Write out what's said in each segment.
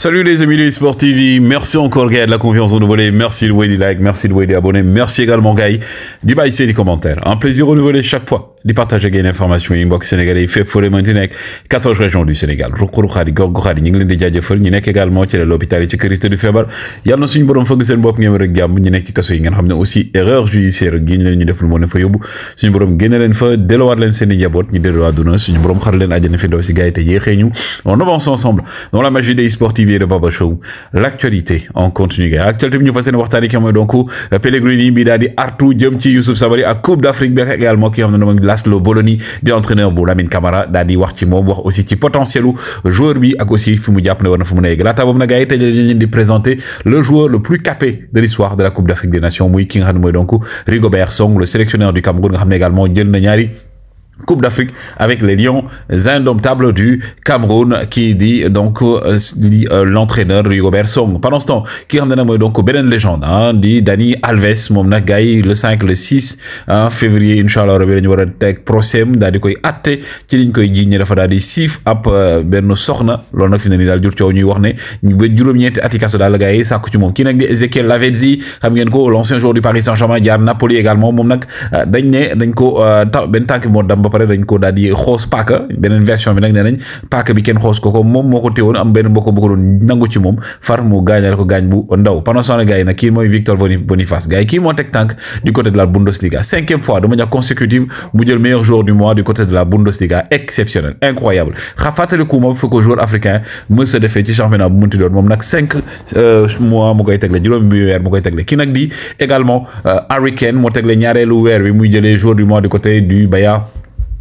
Salut les amis de Sport TV, merci encore Gaël de la confiance renouvelée, merci de vous des likes, merci de vous des abonnés, merci également Gaël d'y baisser les commentaires. Un plaisir renouvelé chaque fois di partager gain information yi mbokk sénégalais yi fépp fële mënti nekk quatorze régions du Sénégal ruqruxaat yi gox-goxaat yi ñu ngi leen di jaajëfal ñu nekk également ci lal hôpital yi ci kër yi tëdd feebar yàlla na suñu borom fëgg seen bopp ngeen rek jàmm ñu nekk ci kaso yi ngeen xam ne aussi erreur judiciaire gi ñu leen ñu deful moo leen fa yóbbu suñu borom génne leen fa delluwaat leen seen i njaboot ñu delluwaat duna suñu borom xar leen àjjana fi daw si gars yi te yéexee ñu on avance ensemble dans la magie des sportifs Olivier l'actualité en continu ga actualité bi ñu Pellegrini bi daal artu jëm ci Youssouf Sabaly ak Coupe d'Afrique bi également ki xam ne moom Boloni di entraîneur bu Lamine Camara daal wax ci moom wax aussi ci potentielu joueur bi ak aussi fi mu jàpp ne fi mun a yegg laata boobu nag gars yi tey dañu leen di présenter le joueur le plus capé de l'histoire de la Coupe d'Afrique des Nations muy ki nga xam donc Rigobert Song le sélectionneur du Cameroun Coupe d'Afrique avec les Lions indomptables du Cameroun qui dit donc euh, euh, l'entraîneur Rigobert Song pendant ce temps ki nga xam ne nag donc beneen légende ah di Dani Alves moom nag gars le février incha allah rabi dañu war a teg procès daal atte ci liñ koy jiiñ dafa daal di siif ab euh, benn soxna ne nii daal jur coow ñuy wax ne ba juróom-ñeenti ati kaso daal gars yi sàkku di Ezekiel Lavezzi xam ngeen ko l'ancien joueur du après dañ ko daal di xoos paaka beneen version bi nag nee nañ paaka bi kenn xoos ko moom moo ko téewoon am benn mbokk bu ko doon nangu ci moom far mu gaañal ko gaañ bu ndaw pendant ce temps mooy Victor Boniface gars yi moo teg tànk du côté de la Bundesliga exceptionnel incroyable xa fàttaliku moom fekk ko joueur africain mës a defee ci championnat bu munti doon moom nag cinq euh, mois mu koy tegle juróomi mu koy tegle kii nag di également euh, Harry moo tegle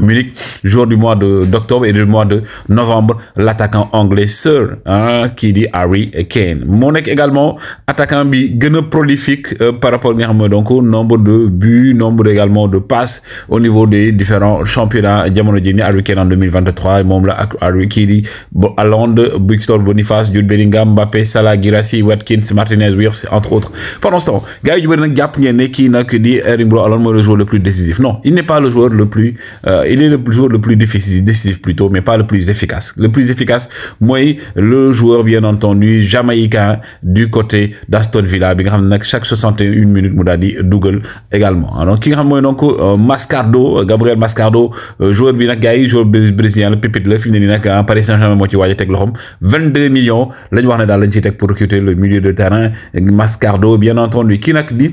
Munich, jour du mois d'octobre et du mois de novembre, l'attaquant anglais Sir hein, qui dit Harry Kane. Monek également, attaquant bi gëna prolifique euh, par rapport à donc au nombre de buts, nombre également de passes au niveau des différents championnats. Diamond Harry Kane en 2023, moom la ak Harry kii di Hollande, Victor Boniface, Jude Bellingham, Mbappé, Salah, Girassi, Watkins, Martinez, Wirtz, entre autres. Pendant ce temps, gars yi ju bëri nag jàpp ngeen ne kii nag di Erling Braut Haaland mooy le il est le joueur le plus difficile, décisif plutôt, mais pas le plus efficace. Le plus efficace, moi, le joueur, bien entendu, jamaïcain du côté d'Aston Villa. Chaque 61 minutes, Moudadi, Dougal également. Alors, qui est donc euh, Mascardo, euh, Gabriel Mascardo, euh, joueur bien gaï, joueur brésilien, le pépite, le fin de Paris Saint-Germain, moi, tu vois, 22 millions, l'année, on a pour recruter le milieu de terrain, Mascardo, bien entendu, qui n'a dit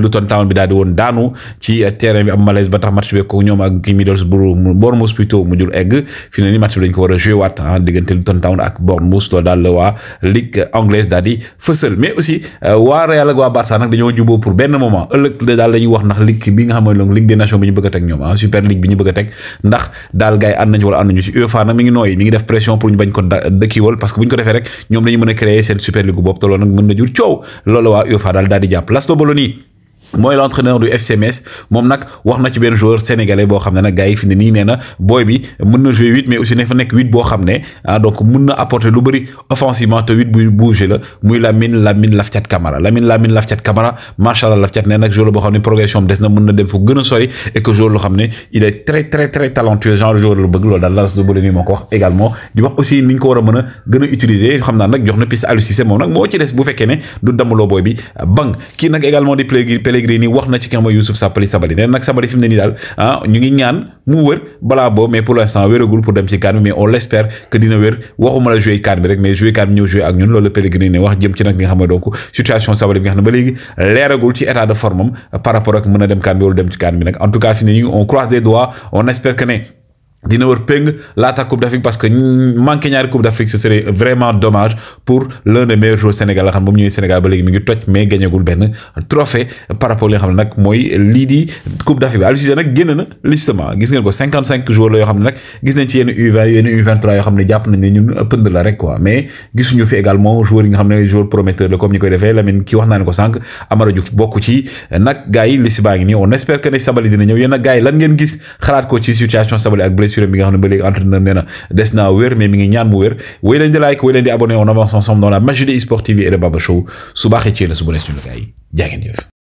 Luton Town bi daal di woon daanu ci terrain bi am malaise ba tax match bi ko ñoom ak Middlesbrough Bournemouth plutôt mu jul egg fi ne ni match bi dañ ko war a joué waat ah, euh, nag dañoo juboo pour benn moment ëllëg daal la wax ndax ligue bi nga xam ne ligue des nations teg ñoom ah, dañu mën a créer seen super ligue bopp te nag mën na jur coow loolu waa UEFA daal daal di jàpp Laszlo Baloni mooy l'entraîneur du FC moom nag wax na ci benn joueur sénégalais boo xam ne nag gars yi fi ne nii nee booy bi mën na jouer huit mais aussi ne fa nekk huit boo xam ne ah, donc mën na dem fu gën a sori et joueur loo xam ne il est très très très talentueux genre joueur la bëgg loolu daal Lalas Dóobaleni moo ko wax également di wax aussi ni ñu ko war a mën gën a utiliser xam naa nag jox na piste Aliou Cissé moom nag moo ci des bu fekkee ne du damaloo booy Pellegrini wax na ci kamba Youssouf Sabaly Sabaly nee nag Sabaly fi ne nii daal ah ñu ngi ñaan mu wër balaa boobu mais pour l' instant pour dem ci CAN bi mais on l' espère dina wér waxuma jouer CAN bi rek mais jouer CAN bi ñëw jouer ak ñun loolu la Pellegrini wax jëm ci nag li nga xam situation Sabaly bi nga xam ne ba léegi leeragul ci état de forme par rapport ak mën a dem CAN bi wala dem ci CAN bi nag en tout cas fi dina wër péng laata Coupe d'Afrique parce que manqué ñaari Coupe d'Afrique ce serait vraiment dommage pour l'un des meilleurs Sénégal la xam moom ñëwee Sénégal ba léegi mi ngi toj mais gañagul benn trophée par rapport li nga xam ne nag mooy lii di Coupe d'Afrique bi Aliou nag génn na listement gis ngeen ko cinquante cinq joueurs la yoo xam ne nag gis nañ ci yenn U20 yoo xam ne jàpp nañ ne ñun pënd la rek quoi mais gisuñu fi également joueurs blessure bi nga xam ne ba léegi entraîneur na des naa mi ngi ñaan mu wér wéy leen di like wéy on avance ensemble dans la magie de eSport TV Show su baaxee ci la su bonee suñu gars yi jaa ngeen